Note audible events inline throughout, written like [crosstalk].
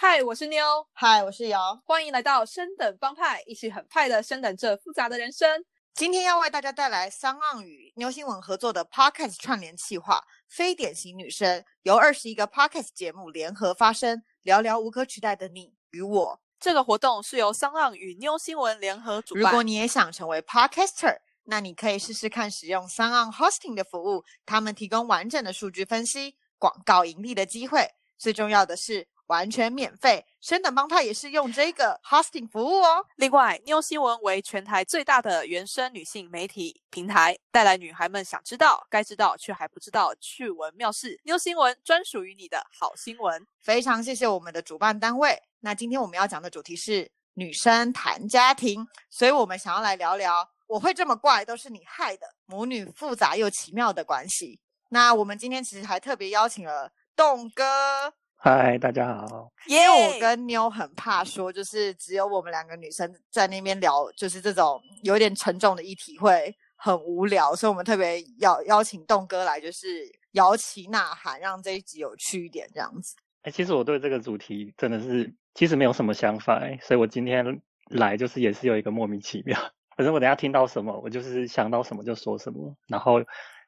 嗨，Hi, 我是妞。嗨，我是堯。歡迎來到升等幫派，一起很派的升等這複雜的人生。今天要為大家帶來 SoundOn 與妞新聞合作的 podcast 串聯計劃。非典型女聲由二十一個 podcast 節目聯合發聲，聊聊無可取代的你與我。這個活動是由 SoundOn 與妞新聞聯合主辦。如果你也想成為 podcaster，那你可以試試看使用 SoundOn hosting 的服務。他們提供完整的數據分析、廣告盈利的機會。最重要的是。完全免費，升等幫派也是用這個 hosting 服務哦。另外，妞新聞為全台最大的原生女性媒體平台，帶來女孩們想知道、該知道卻還不知道趣聞妙事。妞新聞專屬於你的好新聞。非常謝謝我們的主辦單位。那今天我們要講的主題是女生談家庭，所以我們想要來聊聊“我會這麼怪，都是你害的”母女複雜又奇妙的關係。那我們今天其實還特別邀請了棟哥。嗨，Hi, 大家好。因為、yeah, 我跟妞很怕說，就是只有我們兩個女生在那邊聊，就是這種有點沉重的議題會很無聊，所以我們特別邀邀請棟哥來，就是搖旗吶喊，讓這一集有趣一點，這樣子。哎、欸，其實我對這個主題真的是其實沒有什麼想法、欸，哎，所以我今天來就是也是有一個莫名其妙。反正我等一下聽到什麼，我就是想到什麼就說什麼，然後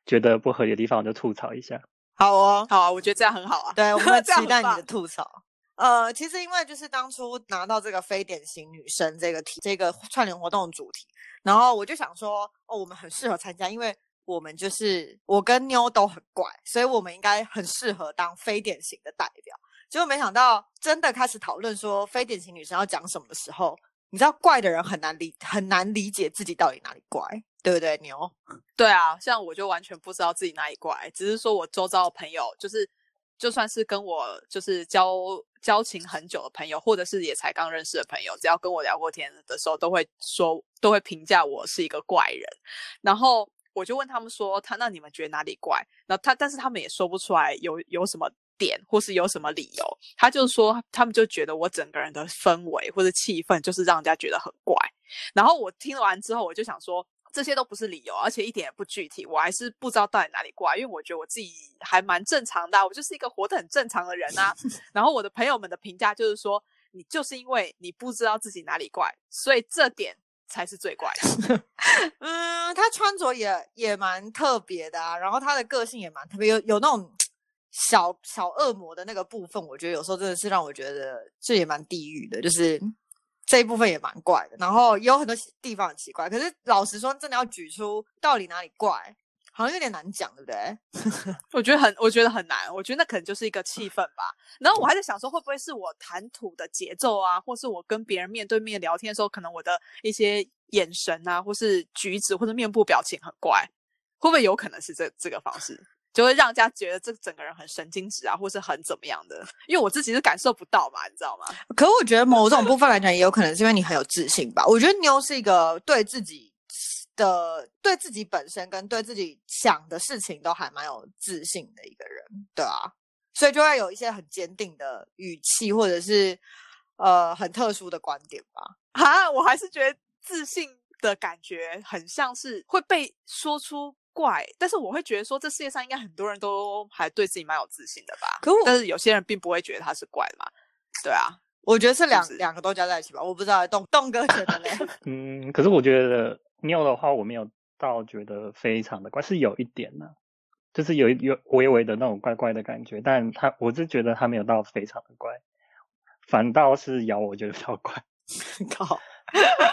覺得不合理的地方我就吐槽一下。好哦，好啊，我覺得這樣很好啊。對，我們很期待你的吐槽。呃，其實因為就是當初拿到這個非典型女生這個題，這個串聯活動的主題，然後我就想說，哦，我們很適合參加，因為我們就是我跟妞都很怪，所以我們應該很適合當非典型的代表。結果沒想到真的開始討論說非典型女生要講什麼的時候，你知道怪的人很難理，很難理解自己到底哪裡怪。對不對，牛，對啊，像我就完全不知道自己哪裡怪，只是說我周遭的朋友，就是就算是跟我就是交交情很久的朋友，或者是也才剛認識的朋友，只要跟我聊過天的時候，都會說都會評價我是一個怪人。然後我就問他們說他：“他那你們覺得哪裡怪？”然後他但是他們也說不出來有有什麼點，或是有什麼理由。他就說他們就覺得我整個人的氛圍或者氣氛，就是讓人家覺得很怪。然後我聽完之後，我就想說。這些都不是理由，而且一點也不具體，我還是不知道到底哪裡怪。因為我覺得我自己還蠻正常的啊，我就是一個活得很正常的人啊。 [laughs] 然後我的朋友們的評價就是說，你就是因為你不知道自己哪裡怪，所以這點才是最怪的。 [laughs] [laughs] 嗯，他穿着也也蠻特別的啊，然後他的個性也蠻特別，有有那種小小惡魔的那個部分，我覺得有時候真的是讓我覺得這也蠻地獄的，就是。這一部分也蠻怪的，然後也有很多地方很奇怪。可是老實說，真的要舉出到底哪裡怪，好像有點難講，對不對？ [laughs] 我覺得很，我覺得很難。我覺得那可能就是一個氣氛吧。然後我還在想說，會不會是我談吐的節奏啊，或是我跟別人面對面聊天的時候，可能我的一些眼神啊，或是舉止或者面部表情很怪，會不會有可能是這這個方式？就會讓人家覺得這整個人很神經質啊，或是很怎麼樣的，因為我自己是感受不到嘛，你知道嗎？可我覺得某種部分來講，也有可能是因為你很有自信吧。我覺得妞又是一個對自己的、對自己本身跟對自己想的事情都還蠻有自信的一個人，對啊，所以就會有一些很堅定的語氣，或者是呃很特殊的觀點吧。哈、啊，我還是覺得自信的感覺很像是會被說出怪，但是我會覺得說，這世界上應該很多人都還對自己蠻有自信的吧。可不，但是有些人並不會覺得他是怪嘛。對啊，我覺得是兩、就是、兩個都加在一起吧。我不知道，東東哥覺得呢？嗯，可是我覺得妞的話，我沒有到覺得非常的怪，是有一點呢、啊，就是有一有微微的那種怪怪的感覺。但他，我就覺得他沒有到非常的怪，反倒是堯我覺得比較怪。 [laughs] 靠，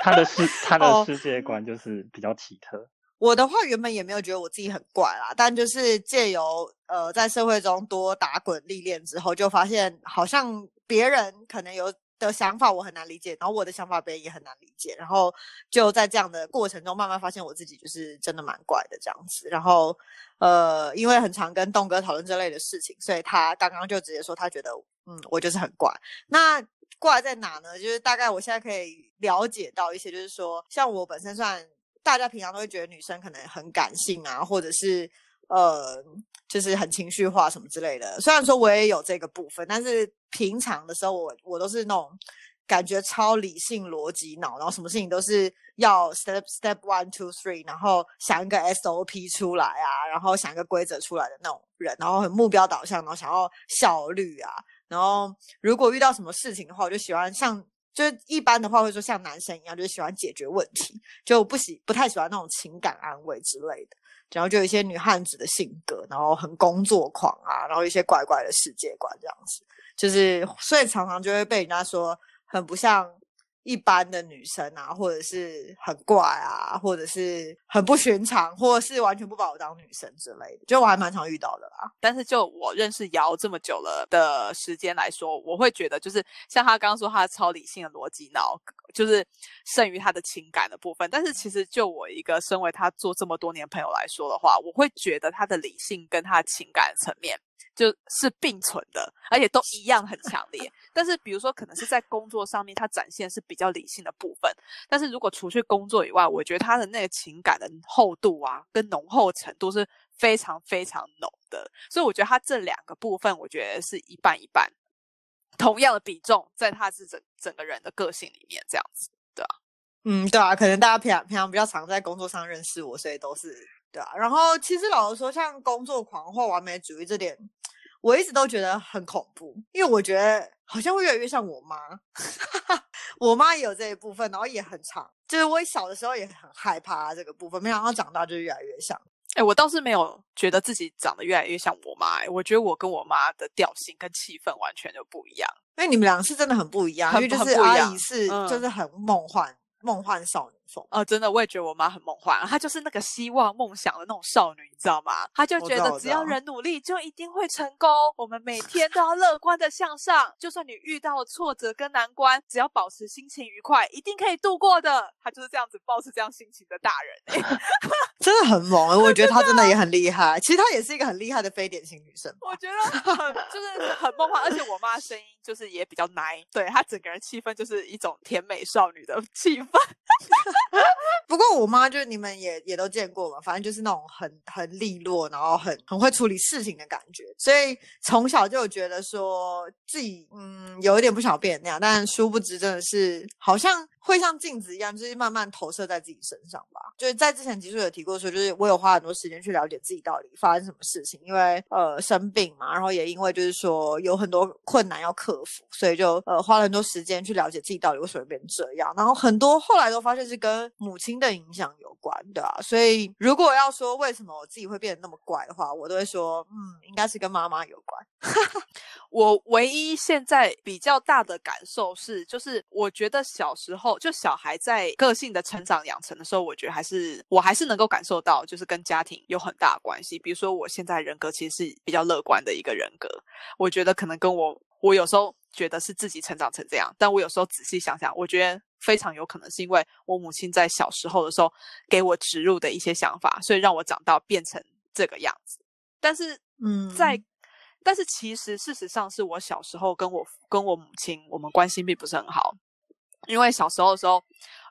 他的世 [laughs] 他的世界觀就是比較奇特。我的話原本也沒有覺得我自己很怪啦，但就是借由呃在社會中多打滾歷練之後，就發現好像別人可能有的想法我很難理解，然後我的想法別人也很難理解，然後就在這樣的過程中慢慢發現我自己就是真的蠻怪的這樣子。然後呃，因為很常跟棟哥討論這類的事情，所以他剛剛就直接說他覺得嗯我就是很怪。那怪在哪呢？就是大概我現在可以了解到一些，就是說像我本身算。大家平常都會覺得女生可能很感性啊，或者是呃，就是很情緒化什麼之類的。雖然說我也有這個部分，但是平常的時候我我都是那種感覺超理性、邏輯腦，然後什麼事情都是要 step step one two three，然後想一個 SOP 出來啊，然後想一個規則出來的那種人，然後很目標導向，然後想要效率啊，然後如果遇到什麼事情的話，我就喜歡像。就是一般的話會說像男生一樣，就是喜歡解決問題，就不喜不太喜歡那種情感安慰之類的。然後就有一些女漢子的性格，然後很工作狂啊，然後一些怪怪的世界觀這樣子。就是所以常常就會被人家說很不像。一般的女生啊，或者是很怪啊，或者是很不尋常，或者是完全不把我當女生之類的，就我還蠻常遇到的啦。但是就我認識堯這麼久了的時間來說，我會覺得就是像他剛剛說他超理性的邏輯腦，就是勝於他的情感的部分。但是其實就我一個身為他做這麼多年朋友來說的話，我會覺得他的理性跟他情感層面。就是並存的，而且都一樣很強烈。 [laughs] 但是，比如說，可能是在工作上面，他展現是比較理性的部分。但是如果除去工作以外，我覺得他的那個情感的厚度啊，跟濃厚程度是非常非常濃的。所以，我覺得他這兩個部分，我覺得是一半一半，同樣的比重，在他是整整個人的個性裡面這樣子，對啊。嗯，對啊，可能大家平常平常比較常在工作上認識我，所以都是。然後，其實老實說，像工作狂或完美主義這點，我一直都覺得很恐怖，因為我覺得好像會越來越像我媽。 [laughs] 我媽也有這一部分，然後也很長，就是我小的時候也很害怕這個部分，沒想到長大就越來越像。哎、欸，我倒是沒有覺得自己長得越來越像我媽、欸，我覺得我跟我媽的調性跟氣氛完全就不一樣。因為你們兩個是真的很不一樣，很因為就是阿姨是就是很夢幻、嗯、夢幻少女。哦，真的，我也覺得我媽很夢幻，她就是那個希望夢想的那種少女，你知道嗎？她就覺得只要人努力，就一定會成功。我，我，我們每天都要樂觀的向上，就算你遇到挫折跟難關，只要保持心情愉快，一定可以度過的。她就是這樣子，抱持這樣心情的大人哎、欸， [laughs] 真的很猛、欸，我覺得她真的也很厲害。啊、其實她也是一個很厲害的非典型女生，我覺得很就是很夢幻，而且我媽聲音就是也比較奶，對，她整個人氣氛就是一種甜美少女的氣氛。 [laughs] [laughs] 不過我媽就你們也也都見過嘛，反正就是那種很很利落，然後很很會處理事情的感覺，所以從小就覺得說自己嗯有一點不想變那樣，但殊不知真的是好像。會像鏡子一樣，就是慢慢投射在自己身上吧。就是在之前集數有提過說，就是我有花很多時間去了解自己到底發生什麼事情，因為呃生病嘛，然後也因為就是說有很多困難要克服，所以就呃花了很多時間去了解自己到底為什麼變成這樣。然後很多後來都發現是跟母親的影響有關的，啊，所以如果要說為什麼我自己會變得那麼怪的話，我都會說，嗯，應該是跟媽媽有關。哈哈， [laughs] 我唯一現在比較大的感受是，就是我覺得小時候就小孩在個性的成長養成的時候，我覺得還是我還是能夠感受到，就是跟家庭有很大的關係。比如說，我現在人格其實是比較樂觀的一個人格，我覺得可能跟我我有時候覺得是自己成長成這樣，但我有時候仔細想想，我覺得非常有可能是因為我母親在小時候的時候給我植入的一些想法，所以讓我長到變成這個樣子。但是，嗯，在但是其實，事實上是我小時候跟我跟我母親，我們關係並不是很好，因為小時候的時候，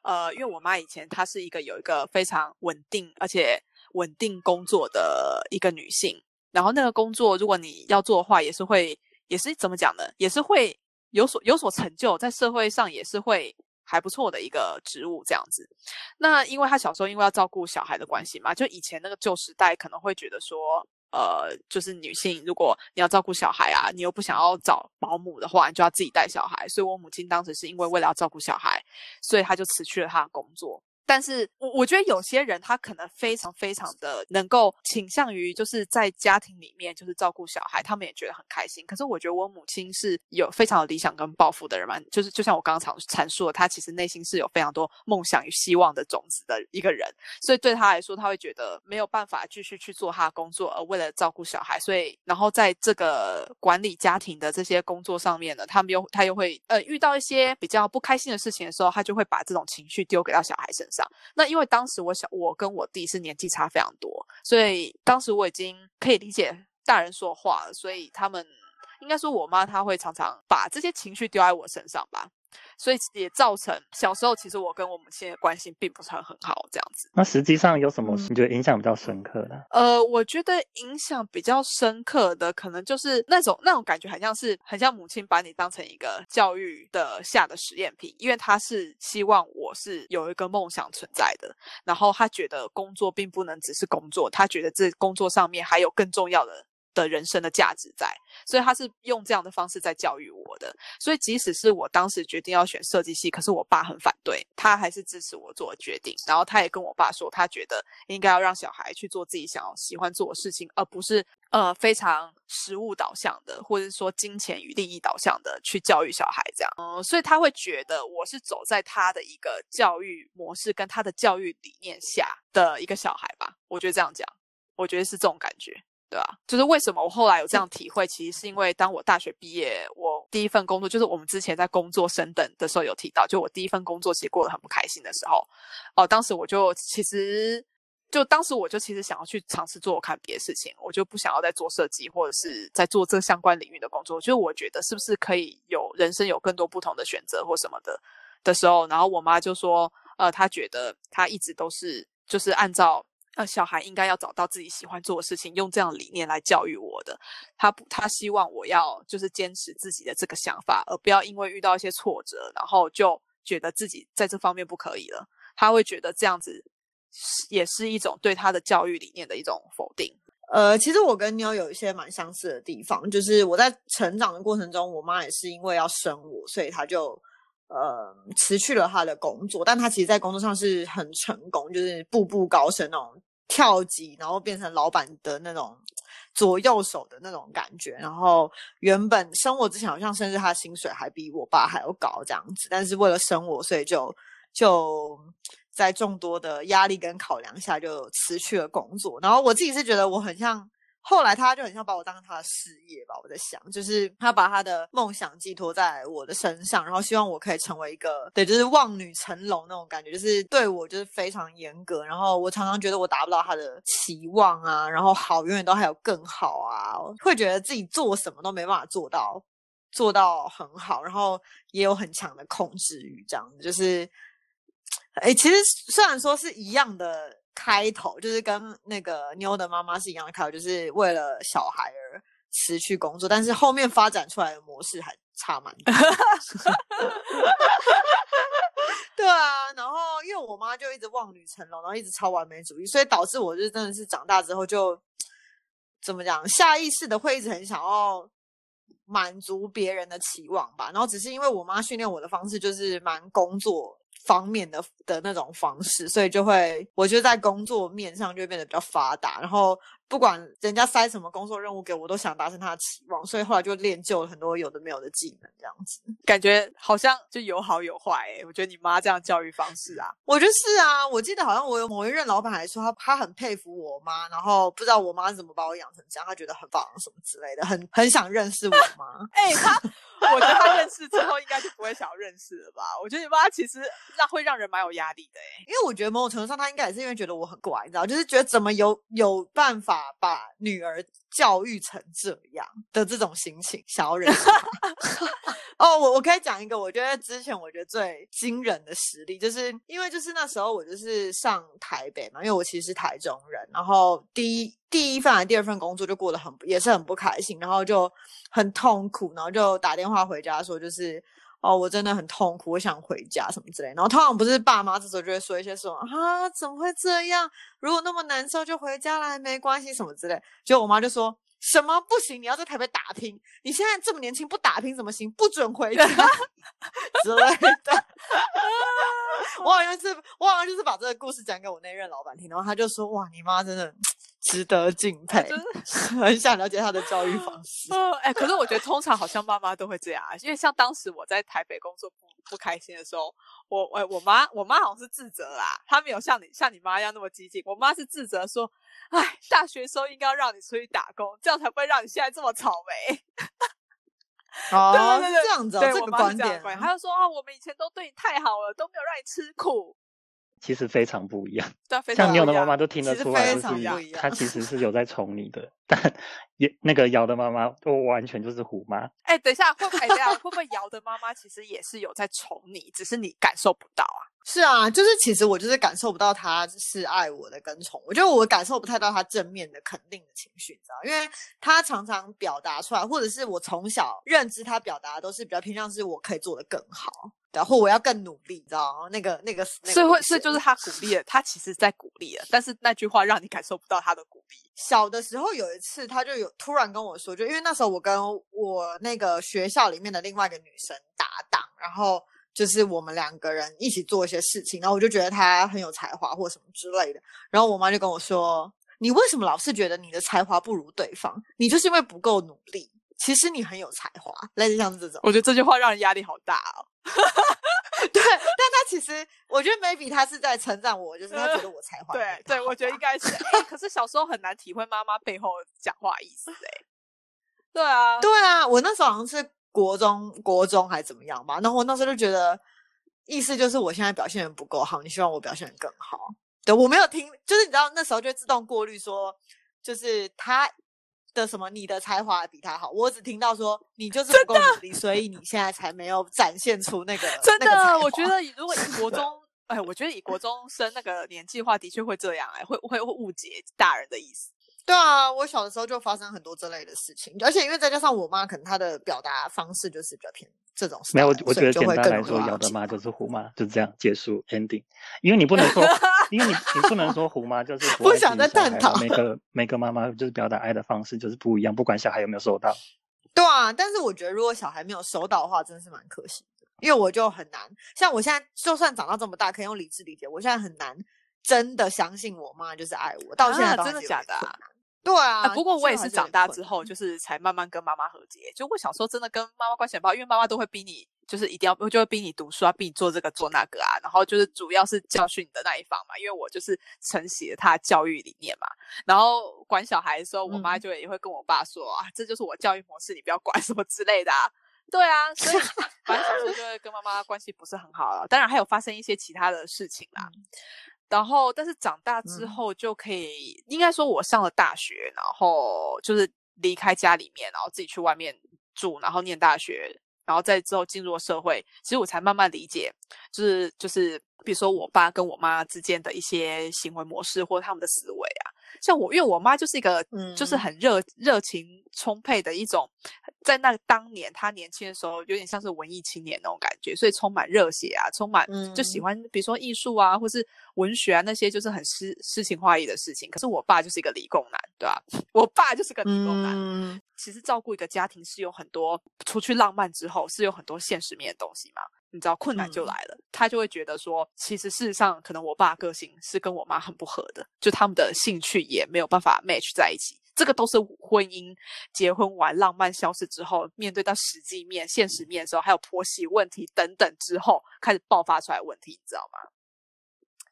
呃，因為我媽以前她是一個有一個非常穩定而且穩定工作的一個女性，然後那個工作如果你要做的話，也是會也是怎麼講呢？也是會有所有所成就，在社會上也是會還不錯的一個職務這樣子。那因為她小時候因為要照顧小孩的關係嘛，就以前那個舊時代可能會覺得說。呃，就是女性，如果你要照顧小孩啊，你又不想要找保姆的話，你就要自己帶小孩。所以我母親當時是因為為了要照顧小孩，所以她就辭去了她的工作。但是我我覺得有些人他可能非常非常的能夠傾向於就是在家庭裡面就是照顧小孩，他們也覺得很開心。可是我覺得我母親是有非常理想跟抱負的人嘛，就是就像我剛剛闡闡述的，她其實內心是有非常多夢想與希望的種子的一個人。所以對他來說，他會覺得沒有辦法繼續去做他的工作，而為了照顧小孩，所以然後在這個管理家庭的這些工作上面呢，他們又他又會呃遇到一些比較不開心的事情的時候，他就會把這種情緒丟給到小孩身上。那因為當時我小，我跟我弟是年紀差非常多，所以當時我已經可以理解大人說話，所以他們應該說我媽她會常常把這些情緒丟在我身上吧。所以也造成小時候，其實我跟我母親的關係並不是很很好，這樣子。那實際上有什麼你覺得影響比較深刻的？嗯、呃，我覺得影響比較深刻的，可能就是那種那種感覺，好像是很像母親把你當成一個教育的下的實驗品，因為她是希望我是有一個夢想存在的，然後她覺得工作並不能只是工作，她覺得這工作上面還有更重要的。的人生的價值在，所以他是用這樣的方式在教育我的。所以即使是我當時決定要選設計系，可是我爸很反對，他還是支持我做決定。然後他也跟我爸說，他覺得應該要讓小孩去做自己想要、喜歡做的事情，而不是呃非常實物導向的，或者是說金錢與利益導向的去教育小孩。這樣，嗯，所以他會覺得我是走在他的一個教育模式跟他的教育理念下的一個小孩吧？我覺得這樣講，我覺得是這種感覺。就是為什麼我後來有這樣體會，其實是因為當我大學畢業，我第一份工作就是我們之前在工作升等的時候有提到，就我第一份工作其實過得很不開心的時候，哦、呃，當時我就其實就當時我就其實想要去嘗試做看別的事情，我就不想要再做設計或者是在做這相關領域的工作，就是我覺得是不是可以有人生有更多不同的選擇或什麼的的時候，然後我媽就說，呃，她覺得她一直都是就是按照。那小孩應該要找到自己喜歡做的事情，用這樣理念來教育我的。他不，他希望我要就是堅持自己的這個想法，而不要因為遇到一些挫折，然後就覺得自己在這方面不可以了。他會覺得這樣子，也是一種對他的教育理念的一種否定。呃，其實我跟妞有一些蠻相似的地方，就是我在成長的過程中，我媽也是因為要生我，所以她就。呃，辭去了他的工作，但他其實，在工作上是很成功，就是步步高升那種跳級，然後變成老板的那種左右手的那種感覺。然後原本生我之前，好像甚至他薪水還比我爸還要高這樣子，但是為了生我，所以就就在眾多的壓力跟考量下，就辭去了工作。然後我自己是覺得我很像。後來他就很像把我當成他的事業吧，我在想，就是他把他的夢想寄託在我的身上，然後希望我可以成為一個，對，就是望女成龍那種感覺，就是對我就是非常嚴格。然後我常常覺得我達不到他的期望啊，然後好，永遠都還有更好啊，會覺得自己做什麼都沒辦法做到，做到很好，然後也有很強的控制慾，這樣子。就是，哎，其實雖然說是一樣的。開頭就是跟那個妞的媽媽是一樣的開頭，就是為了小孩而失去工作，但是後面發展出來的模式還差蠻多。 [laughs] [laughs] [laughs] 對啊，然後因為我媽就一直望女成龍，然後一直超完美主義，所以導致我就真的是長大之後就怎麼講，下意識的會一直很想要滿足別人的期望吧。然後只是因為我媽訓練我的方式就是蠻工作的方面的的那種方式，所以就會，我覺得在工作面上就會變得比較發達，然後，不管人家塞什麼工作任務給我，我都想達成他的期望，所以後來就練就了很多有的沒有的技能，這樣子感覺好像就有好有壞，欸。哎，我覺得你媽這樣教育方式啊，我就是啊。我記得好像我有某一任老板還說他他很佩服我媽，然後不知道我媽是怎麼把我養成這樣，他覺得很棒什麼之類的，很很想認識我媽。哎、 [laughs] 欸，他我覺得他認識之後應該就不會想要認識了吧？我覺得你媽其實那會讓人蠻有壓力的哎，欸，因為我覺得某種程度上他應該也是因為覺得我很乖，你知道，就是覺得怎麼有有辦法。把把女兒教育成這樣的這種心情，小人。哦、 [laughs] [laughs] oh,，我我可以講一個，我覺得之前我覺得最驚人的實例，就是因為就是那時候我就是上台北嘛，因為我其實是台中人，然後第一第一份第二份工作就過得很也是很不開心，然後就很痛苦，然後就打電話回家說就是。哦，我真的很痛苦，我想回家什麼之類。然後通常不是爸媽這時候就會說一些什麼啊，怎麼會這樣？如果那麼難受，就回家來，沒關係什麼之類。就我媽就說什麼不行，你要在台北打拼，你現在這麼年輕，不打拼怎麼行？不准回家 [laughs] 之類的。我好像是，我好像就是把這個故事講給我那一任老闆聽，然後他就說，哇，你媽真的。值得敬佩，啊就是、 [laughs] 很想了解他的教育方式。呃，哎、欸，可是我覺得通常好像媽媽都會這樣， [laughs] 因為像當時我在台北工作不不開心的時候，我、欸、我我媽我媽好像是自責啦，她沒有像你像你媽一樣那麼激進，我媽是自責說，哎，大學時候應該讓你出去打工，這樣才不會讓你現在這麼草莓。哦、 [laughs] 啊， [laughs] 對哦、那個、這樣子，這個觀點，我媽是這樣的關係還有說啊、哦，我們以前都對你太好了，都沒有讓你吃苦。其實非常不一樣，啊、一樣像妞的媽媽都聽得出來，就是她他其實是有在寵你的， [laughs] 但。也那個瑤的媽媽，都完全就是虎媽。哎、欸欸，等一下，會不會？會不會瑤的媽媽其實也是有在寵你， [laughs] 只是你感受不到啊？是啊，就是其實我就是感受不到他是愛我的跟寵，我覺得我感受不太到他正面的肯定的情緒，你知道？因為他常常表達出來，或者是我從小認知他表達的都是比較偏向是我可以做得更好，然後我要更努力，你知道嗎？那個那個，所以會所以就是他鼓勵了，他其實在鼓勵了，但是那句話讓你感受不到他的鼓勵。小的時候有一次，他就有。突然跟我說，就因為那時候我跟我那個學校裡面的另外一個女生搭檔，然後就是我們兩個人一起做一些事情，然後我就覺得她很有才華或什麼之類的。然後我媽就跟我說：“你為什麼老是覺得你的才華不如對方？你就是因為不夠努力。其實你很有才華。”類似像這種，我覺得這句話讓人壓力好大哦。 [laughs] [laughs] 對，但他其實，我覺得 maybe 他是在稱讚我， [laughs] 就是他覺得我才華。 [laughs] 對，對我覺得應該是。 [laughs] 可是小時候很難體會媽媽背後講話的意思。對，對啊，對啊，我那時候好像是國中，國中還怎麼樣嘛。然後我那時候就覺得，意思就是我現在表現得不夠好，你希望我表現得更好。對，我沒有聽，就是你知道那時候就會自動過濾說，就是他。的什麼？你的才華比他好，我只聽到說你就是不夠努力，的所以你現在才沒有展現出那個真的。我覺得，如果以國中，哎的、欸，我覺得以國中生那個年紀的話，的確會這樣、欸，哎，會會誤解大人的意思。對啊，我小的時候就發生很多這類的事情，而且因為再加上我媽，可能她的表達方式就是比較偏這種事情。沒有，我，我覺得簡單來說，堯的媽就是虎媽，就這樣結束 ending。因為你不能說， [laughs] 因為你你不能說虎媽就是虎媽。不想再探討，每個每個媽媽就是表達愛的方式就是不一樣，不管小孩有沒有收到。對啊，但是我覺得如果小孩沒有收到的話，真的是蠻可惜的。因為我就很難，像我現在就算長到這麼大，可以用理智理解，我現在很難真的相信我媽就是愛我。到現在都的，啊，真的假的？對啊，啊，不過我也是長大之後，就是才慢慢跟媽媽和解。欸，就我小時候真的跟媽媽關係很不好，因為媽媽都會逼你，就是一定要，就會逼你讀書啊，逼你做這個做那個啊。然後就是主要是教訓你的那一方嘛，因為我就是承襲了他教育理念嘛。然後管小孩的時候，我媽就也會跟我爸說、嗯、啊，這就是我教育模式，你不要管什麼之類的。啊。對啊，所以反正小時候就會跟媽媽關係不是很好了。 [laughs] 當然還有發生一些其他的事情啦。然後，但是長大之後就可以，嗯、應該說我上了大學，然後就是離開家裡面，然後自己去外面住，然後念大學，然後再之後進入了社會，其實我才慢慢理解、就是，就是就是，比如說我爸跟我媽之間的一些行為模式或者他們的思維啊。像我，因為我媽就是一個，嗯、就是很熱熱情充沛的一種，在那當年她年輕的時候，有點像是文藝青年那種感覺，所以充滿熱血啊，充滿、嗯、就喜歡，比如說藝術啊，或是文學啊那些，就是很詩詩情畫意的事情。可是我爸就是一個理工男，對吧？我爸就是個理工男。嗯、其實照顧一個家庭是有很多，除去浪漫之後，是有很多現實面的東西嘛。你知道困難就來了，他就會覺得說，其實事實上可能我爸個性是跟我媽很不合的，就他們的興趣也沒有辦法 match 在一起。這個都是婚姻結婚完浪漫消失之後，面對到實際面、現實面的時候，還有婆媳問題等等之後開始爆發出來問題，你知道嗎？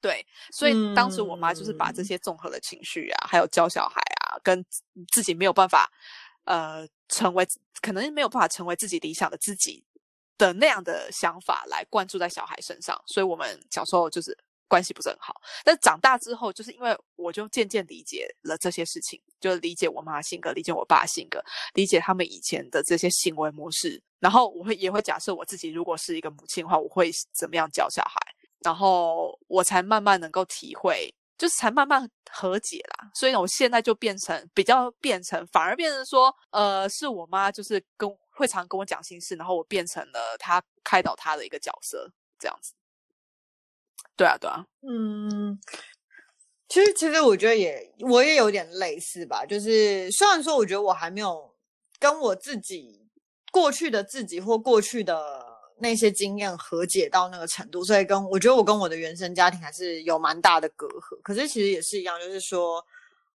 對，所以當時我媽就是把這些綜合的情緒啊，還有教小孩啊，跟自己沒有辦法呃，成為可能沒有辦法成為自己理想的自己。的那樣的想法來灌注在小孩身上，所以我們小時候就是關係不是很好。但長大之後，就是因為我就漸漸理解了這些事情，就是理解我媽性格，理解我爸性格，理解他們以前的這些行為模式。然後我會也會假設我自己如果是一個母親的話，我會怎麼樣教小孩。然後我才慢慢能夠體會，就是才慢慢和解啦。所以我現在就變成比較變成，反而變成說，呃，是我媽就是跟。會常跟我講心事，然後我變成了他開導他的一個角色，這樣子。對啊，對啊。嗯，其實其實我覺得也我也有點類似吧，就是雖然說我覺得我還沒有跟我自己過去的自己或過去的那些經驗和解到那個程度，所以跟我覺得我跟我的原生家庭還是有蠻大的隔閡。可是其實也是一樣，就是說，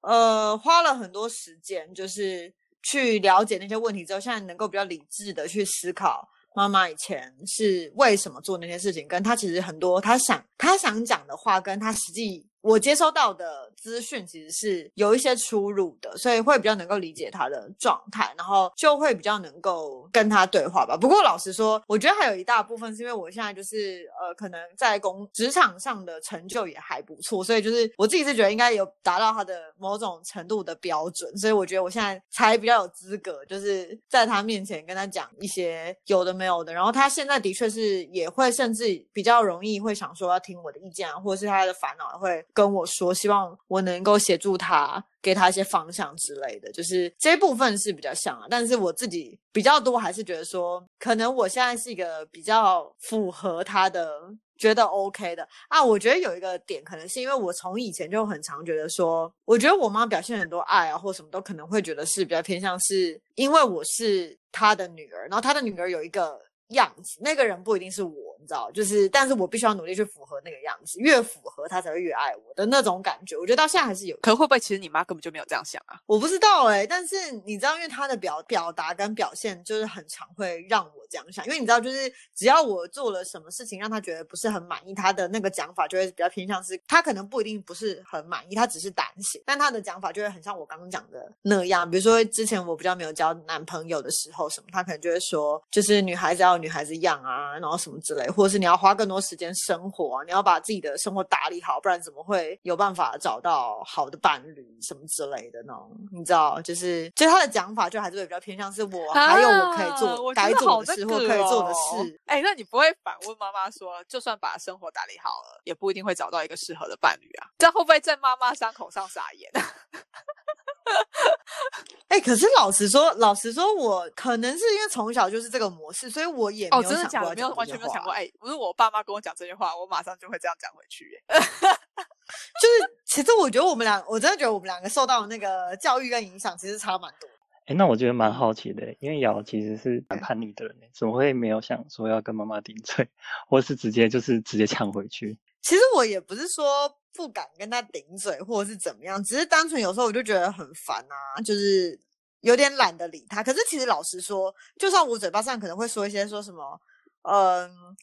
呃，花了很多時間，就是。去了解那些問題之後，現在能夠比較理智的去思考媽媽以前是為什麼做那些事情，跟她其實很多她想她想講的話，跟她實際。我接收到的資訊其實是有一些出入的，所以會比較能夠理解他的狀態，然後就會比較能夠跟他對話吧。不過老實說，我覺得還有一大部分是因為我現在就是呃，可能在工職場上的成就也還不錯，所以就是我自己是覺得應該有達到他的某種程度的標準，所以我覺得我現在才比較有資格，就是在他面前跟他講一些有的沒有的。然後他現在的確是也會甚至比較容易會想說要聽我的意見啊，或者是他的煩惱會。跟我說，希望我能夠協助他，給他一些方向之類的，就是這部分是比較像啊。但是我自己比較多，還是覺得說，可能我現在是一個比較符合他的，覺得 OK 的。啊，我覺得有一個點，可能是因為我從以前就很常覺得說，我覺得我媽表現很多愛啊，或什麼都可能會覺得是比較偏向，是因為我是她的女兒，然後她的女兒有一個樣子，那個人不一定是我。你知道，就是，但是我必須要努力去符合那個樣子，越符合他才會越愛我的那種感覺。我覺得到現在還是有，可能會不會，其實你媽根本就沒有這樣想啊，我不知道哎、欸。但是你知道，因為她的表表達跟表現，就是很常會讓我這樣想。因為你知道，就是只要我做了什麼事情讓他覺得不是很滿意，他的那個講法就會比較偏向是，他可能不一定不是很滿意，他只是膽小，但他的講法就會很像我剛剛講的那樣。比如說之前我比較沒有交男朋友的時候，什麼他可能就會說，就是女孩子要女孩子樣啊，然後什麼之類的。或是你要花更多時間生活，你要把自己的生活打理好，不然怎麼會有辦法找到好的伴侶什麼之類的呢？你知道，就是，就他的講法，就還是會比較偏向是我、啊、還有我可以做、哦、該做的事或可以做的事。哎，那你不會反問媽媽說，就算把生活打理好了，也不一定會找到一個適合的伴侶啊？這樣會不會在媽媽傷口上撒鹽？ [laughs] 哎、 [laughs] 欸，可是老實說，老實說，我可能是因為從小就是這個模式，所以我也沒有想過、哦，真的假的，沒有完全沒有想過。哎、欸，不是我爸媽跟我講這句話，我馬上就會這樣講回去、欸。 [laughs] 就是，其實我覺得我們倆，我真的覺得我們兩個受到的那個教育跟影響，其實差蠻多。哎、欸，那我覺得蠻好奇的，因為堯其實是蠻叛逆的人，對怎麼會沒有想說要跟媽媽頂嘴，或是直接就是直接嗆回去？其實我也不是說不敢跟他頂嘴或者是怎麼樣，只是單純有時候我就覺得很煩啊，就是有點懶得理他。可是其實老實說，就算我嘴巴上可能會說一些說什麼，嗯，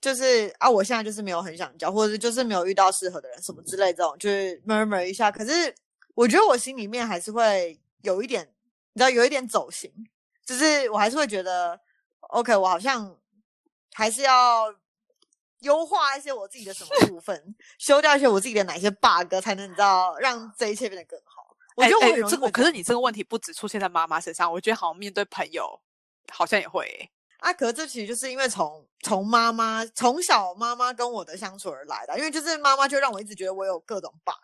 就是啊，我現在就是沒有很想交，或者就是沒有遇到適合的人什麼之類，嗯、這種就是 murmur 一下。可是我覺得我心裡面還是會有一點，你知道，有一點走心，就是我還是會覺得，OK，我好像還是要。優化一些我自己的什麼部分，是修掉一些我自己的哪些 bug，才能你知道讓這一切變得更好？欸欸、我覺得我有這個，可是你這個問題不止出現在媽媽身上，我覺得好像面對朋友好像也會啊。可是這其實就是因為從從媽媽從小媽媽跟我的相處而來的，因為就是媽媽就讓我一直覺得我有各種 bug，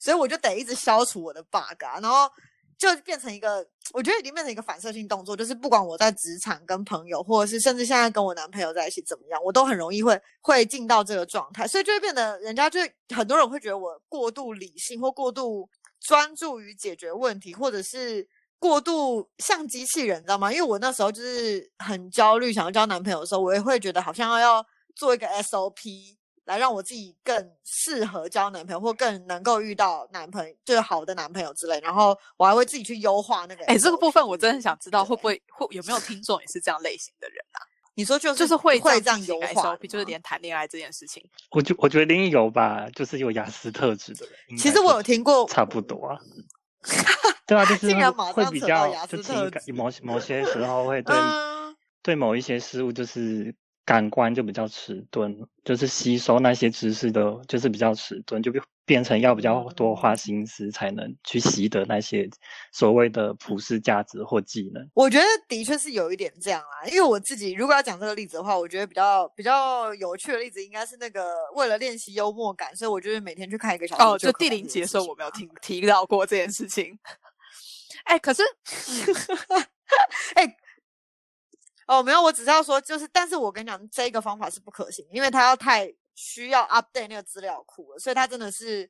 所以我就得一直消除我的 bug，、啊、然後。就變成一個，我覺得已經變成一個反射性動作，就是不管我在職場、跟朋友，或者是甚至現在跟我男朋友在一起怎麼樣，我都很容易會會進到這個狀態，所以就會變得人家就很多人會覺得我過度理性，或過度專注於解決問題，或者是過度像機器人，你知道嗎？因為我那時候就是很焦慮，想要交男朋友的時候，我也會覺得好像要做一個 SOP。來讓我自己更適合交男朋友，或更能夠遇到男朋友，就是好的男朋友之類。然後我還會自己去優化那個。哎、欸，這個部分我真的很想知道，會不會對會，會有沒有聽眾也是這樣類型的人啊？ [laughs] 你說就是就是會這樣，會這樣優化，就是連談戀愛這件事情，我就我覺得也有吧，就是有亞斯特質的人。其實我有聽過，差不多。啊。 [laughs] 對啊，就是會比較有某某，某些時候會對、 [laughs] 嗯、對某一些事物就是。感官就比較遲鈍，就是吸收那些知識的，就是比較遲鈍，就變變成要比較多花心思才能去習得那些所謂的普世價值或技能。我覺得的確是有一點這樣啦，因為我自己如果要講這個例子的話，我覺得比較比較有趣的例子應該是那個，為了練習幽默感，所以我就是每天去看一個小說哦，就地靈節，杰說我沒有聽提到過這件事情。哎、 [laughs] 欸，可是，哎、 [laughs] 欸。哦，沒有，我只知道說，就是，但是我跟你講，這個方法是不可行，因為他要太需要 update 那個資料庫了，所以他真的是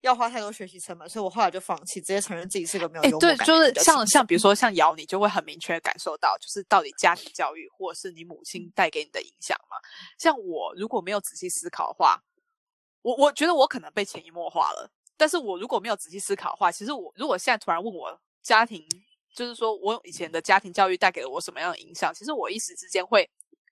要花太多學習成本，所以我後來就放棄，直接承認自己是個沒有幽默感的人。欸，對，就是像像比如說像堯，你就會很明確感受到，就是到底家庭教育或者是你母親帶給你的影響嘛。像我如果沒有仔細思考的話，我我覺得我可能被潛移默化了，但是我如果沒有仔細思考的話，其實我如果現在突然問我家庭。就是說我以前的家庭教育帶給了我什麼樣的影響？其實我一時之間會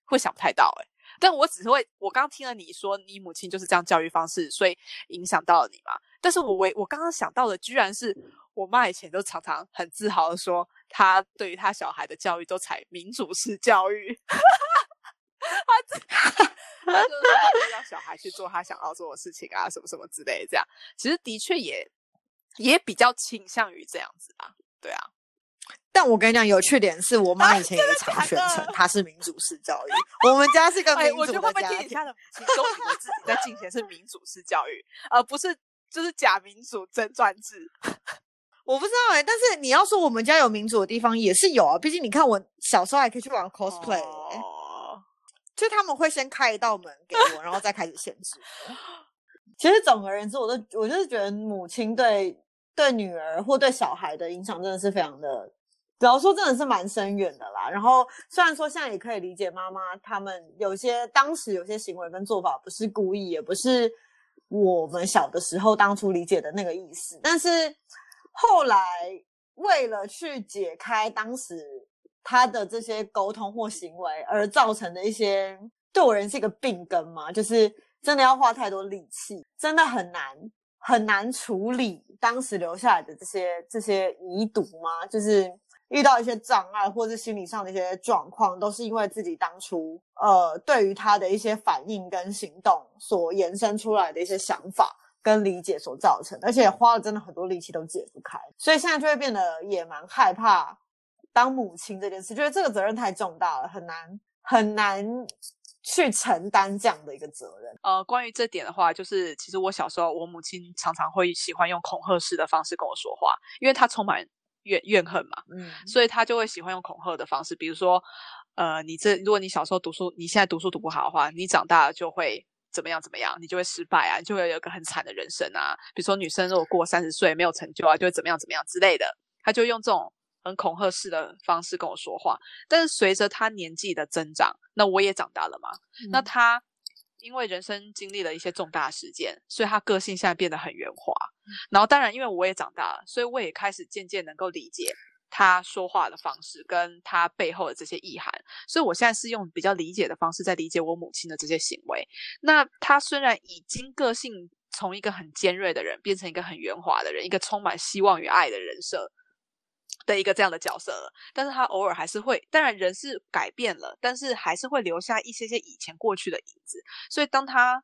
會想不太到誒、欸，但我只是會，我剛聽了你說你母親就是這樣教育方式，所以影響到了你嘛。但是我唯，我剛剛想到的居然是，我媽以前都常常很自豪的說，她對於她小孩的教育都採民主式教育， [laughs] 她 [laughs] 她就是說她讓小孩去做他想要做的事情啊，什麼什麼之類的這樣。其實的確也也比較傾向於這樣子啊，對啊。但我跟你講，有趣點是我媽以前也常宣稱她是民主式教育。我們家是一個民主的家庭，其中以自己在進行是民主式教育，而不是就是假民主真專制。我不知道哎、欸，但是你要說我們家有民主的地方也是有啊。畢竟你看我小時候還可以去玩 cosplay，、欸、就他們會先開一道門給我，然後再開始限制。其實總而言之，我都我就是覺得母親對對女兒或對小孩的影響真的是非常的。主要說真的是蠻深遠的啦。然後雖然說現在也可以理解媽媽他們有些當時有些行為跟做法不是故意，也不是我們小的時候當初理解的那個意思。但是後來為了去解開當時他的這些溝通或行為而造成的一些，對我人是一個病根嘛，就是真的要花太多力氣，真的很難，很難處理當時留下來的這些這些遺毒嘛，就是。遇到一些障礙，或是心理上的一些狀況，都是因為自己當初呃對於他的一些反應跟行動所延伸出來的一些想法跟理解所造成，而且花了真的很多力氣都解不開，所以現在就會變得也蠻害怕當母親這件事，就覺得這個責任太重大了，很難很難去承擔這樣的一個責任。呃，關於這點的話，就是其實我小時候，我母親常常會喜歡用恐嚇式的方式跟我說話，因為她充滿。怨怨恨嘛，嗯，所以他就會喜歡用恐嚇的方式，比如說，呃，你這如果你小時候讀書，你現在讀書讀不好的話，你長大了就會怎麼樣怎麼樣，你就會失敗啊，你就會有一個很慘的人生啊。比如說女生如果過三十歲沒有成就啊，就會怎麼樣怎麼樣之類的，他就用這種很恐嚇式的方式跟我說話。但是隨着他年紀的增長，那我也長大了嘛，嗯，那他。因為人生經歷了一些重大事件，所以他個性現在變得很圓滑。然後，當然，因為我也長大了，所以我也開始漸漸能夠理解他說話的方式，跟他背後的這些意涵。所以我現在是用比較理解的方式在理解我母親的這些行為。那他雖然已經個性從一個很尖銳的人，變成一個很圓滑的人，一個充滿希望與愛的人設的一個這樣的角色了，但是他偶爾還是會，當然人是改變了，但是還是會留下一些些以前過去的影子。所以當他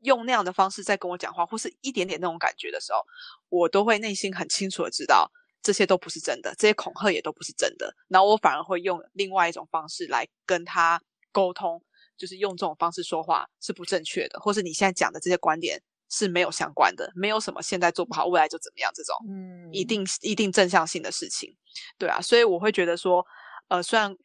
用那樣的方式在跟我講話，或是一點點那種感覺的時候，我都會內心很清楚的知道這些都不是真的，這些恐嚇也都不是真的。然後我反而會用另外一種方式來跟他溝通，就是用這種方式說話是不正確的，或是你現在講的這些觀點。是沒有相關的，沒有什麼現在做不好，未來就怎麼樣這種，嗯，一定一定正向性的事情，對啊，所以我會覺得說，呃，雖然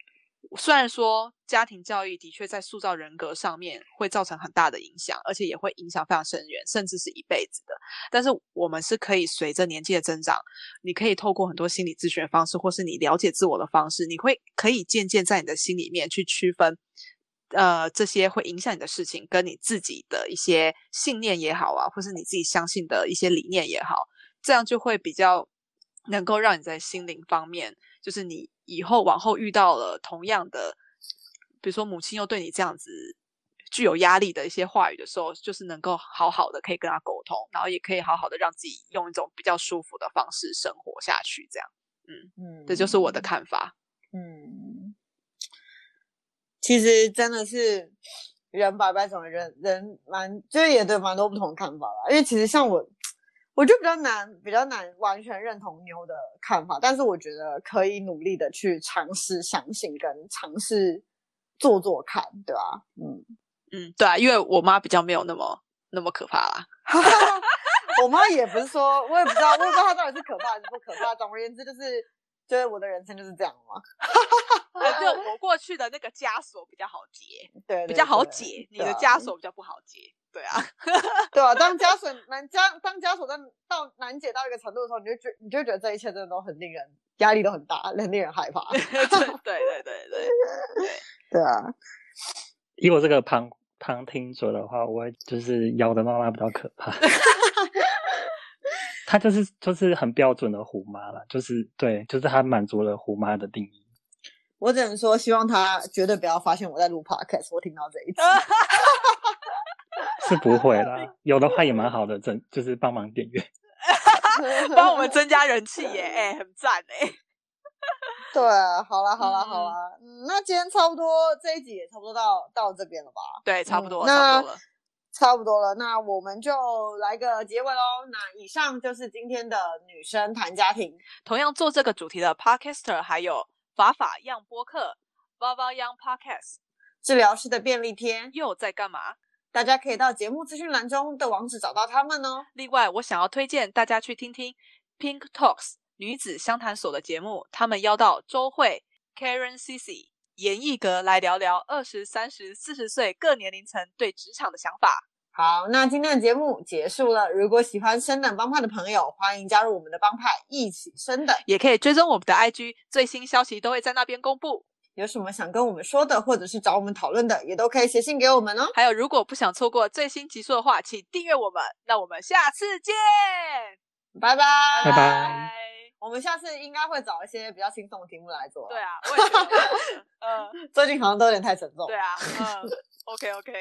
雖然說家庭教育的確在塑造人格上面會造成很大的影響，而且也會影響非常深遠，甚至是一輩子的，但是我們是可以隨着年紀的增長，你可以透過很多心理諮詢的方式，或是你了解自我的方式，你會可以漸漸在你的心裡面去區分。呃，這些會影響你的事情，跟你自己的一些信念也好啊，或是你自己相信的一些理念也好，這樣就會比較能夠讓你在心靈方面，就是你以後往後遇到了同樣的，比如說母親又對你這樣子具有壓力的一些話語的時候，就是能夠好好的可以跟她溝通，然後也可以好好的讓自己用一種比較舒服的方式生活下去。這樣，嗯嗯，這就是我的看法，嗯。嗯其實真的是人百百種，人人蠻就是也對蠻多不同的看法啦。因為其實像我，我就比較難，比較難完全認同妞的看法，但是我覺得可以努力的去嘗試相信跟嘗試做做看，對吧？嗯嗯，對啊，因為我媽比較沒有那麼那麼可怕啦、啊。 [laughs] 我媽也不是說，我也不知道，我也不知道她到底是可怕還是不可怕。總而言之、就是，就是覺得我的人生就是這樣嘛。 [laughs] 對，啊、我就我過去的那個枷鎖比較好解，對，對，對，比較好解。啊、你的枷鎖比較不好解，對啊，對啊， [laughs] 對啊。當枷鎖難當枷鎖在到難解到一個程度的時候，你就覺，你就覺得這一切真的都很令人壓力都很大，很令人害怕。 [laughs] 對，對對對對對對對啊！以我這個旁旁聽者的話，我會就是堯的媽媽比較可怕，她 [laughs] 就是就是很標準的虎媽了，就是對，就是她滿足了虎媽的定義。我只能說，希望他絕對不要發現我在錄 podcast。我聽到這一集，是不會啦。 [laughs] 有的話也蠻好的，就是幫忙訂閱，幫 [laughs] 我們增加人氣耶，哎對、欸，很贊哎。對，好了好了，嗯、好了，嗯，那今天差不多這一集也差不多到到這邊了吧？對，差不多、嗯、差不多了那，差不多了。那我們就來個結尾嘍。那以上就是今天的女生談家庭，同樣做這個主題的 podcaster 還有。法法樣播客，法法樣 podcasts，治療師的便利貼又在幹嘛？大家可以到節目資訊欄中的網址找到他們哦。另外，我想要推薦大家去聽聽 Pink Talks 女子相談所的節目，他們邀到周慧、Karen、Cici、嚴藝格來聊聊二十、三十、四十歲各年齡層對職場的想法。好，那今天的節目結束了。如果喜歡升等幫派的朋友，歡迎加入我們的幫派一起升等，也可以追蹤我們的 IG，最新消息都會在那邊公布。有什麼想跟我們說的，或者是找我們討論的，也都可以寫信給我們哦。還有，如果不想錯過最新集數的話，請訂閱我們。那我們下次見，拜拜拜拜。Bye bye 我們下次應該會找一些比較輕鬆的題目來做。對啊，嗯， [laughs] 呃、最近好像都有點太沉重。對啊，嗯、呃、，OK OK。